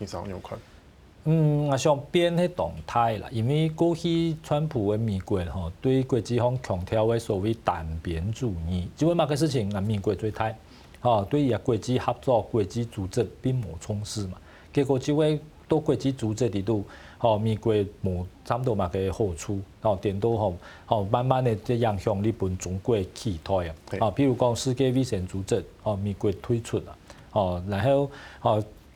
其實我有睇，嗯，我想變迄動態啦，因為過去川普嘅美國，嗬，對國際方強調嘅所謂單邊主義，即係乜，嘅事情，啊，美國最大，哦，對啊，國際合作、國際組織並無重視嘛，結果即係多國際組織度，哦，美國冇差唔多乜嘅好處，哦，變到哦，哦，慢慢嘅即係影響日本、中國企台啊，啊，譬如講世界衛生組織，哦，美國退出啦，哦，然後，哦。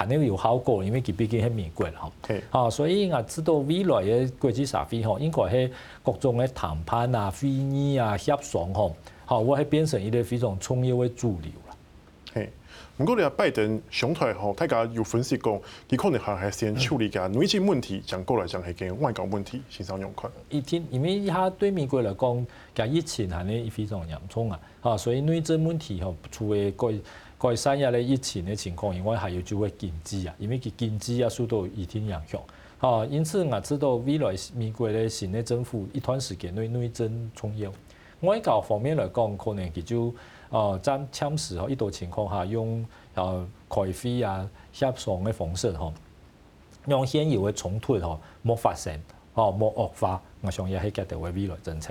肯定有效果，因為佢畢竟喺美國啦，嚇，嚇，所以啊，知道未來嘅國際社會吼，應該係各種嘅談判啊、會議啊、協商吼，好，我係變成一個非常重要嘅主流啦。係，唔過你啊，拜登上台後，大家有分析講，佢可能係先處理緊內政問題，將、嗯、過來將係解決外交問題，先上用拳。一天，因為他對美國嚟講，疫情係呢非常嚴重啊，嚇，所以內政問題吼，除咗改。佢三亞咧疫情嘅情況，因為還要做一禁止啊，因為佢禁止啊，速度已經人強，嚇，因此我知道未來美國咧新咧政府一段時間內內政重要。外交方面來講，可能其就啊爭搶時候，一啲情況下用啊開會啊協商嘅方式吼，用現有嘅衝突吼，冇發生，嚇冇惡化，我想也係佢哋嘅未來政策。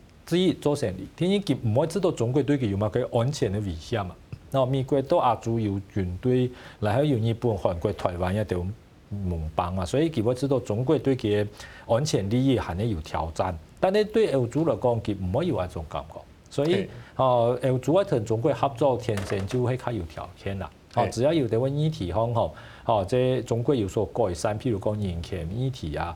至於做生意，天天傑唔可知道中國對佢有冇佢安全嘅危險嘛？那美國都亞洲有軍隊嚟喺有日本、韓國、台灣也有盟邦嘛，所以佢要知道中國對佢安全利益係咧有，有挑戰。但對歐洲來講，講，佢冇有那種感覺。所以誒歐、哦、洲一同中國合作，天生就會較有條件啦。哦，只要有啲乜議題，好好，即中國有所改善，譬如講人權議題啊。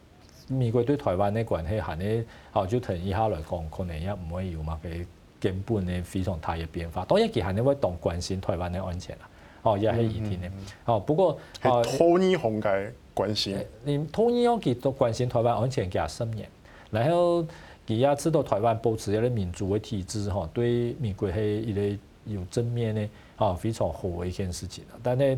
美國對台灣的關係係咧，哦，就從以下來講，可能也唔會有嘛，佢根本咧非常大嘅變化。當然，其他你會當關心台灣嘅安全啦，哦，也係議題咧，哦，不過，係 Tony Hong 嘅關心，你 Tony 都關心台灣安全嘅心嘅，然後佢也知道台灣保持一個民主嘅體制，哈，對美國係一個有正面嘅，啊，非常好嘅一件事情，但係。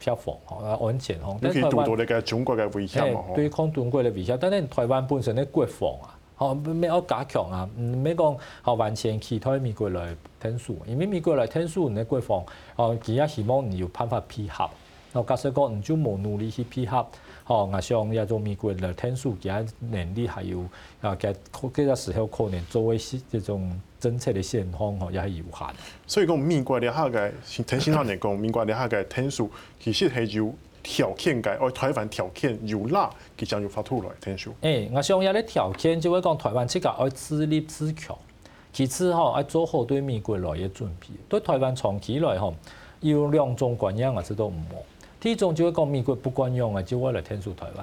票房吼，安全哦。尤對對，對，對，中國誒威脅吼，對，對中國誒威脅誒，對對抗中國誒威脅，但係台灣本身誒國防啊，吼，要要加強啊？毋免講吼完全期待美國來聽訴，因為美國來聽訴，你國防，吼，其他希望毋是有辦法配合。我假設講毋準無努力去配合，哦，我想依家做美國來聽訴，其他能力還有，啊，嘅，嗰個時候可能作為是即種。政策的先鋒吼，也是有限。所以講美國的，下個陳新浩你講，美國咧下個天數，其實係要條件㗎，愛台灣條件有啦，佢將要發出來天數。誒、欸，我想一啲條件，就會只會講，台灣出街而自立自強。其次吼、哦，要做好對美國的來個準備。對台灣長期來吼，有兩種觀念，我哋都唔好。第一種，就係講，美國不管用嘅，只會來天數台灣。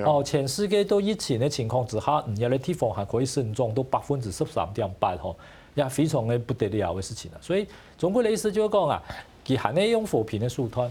哦，全世界都疫情的情況之下，唔要你地方係可以升漲都百分之十三點八，嗬，也非常的不得了嘅事情啊。所以總歸的意思就係講啊，佢係呢種扶貧嘅縮攤。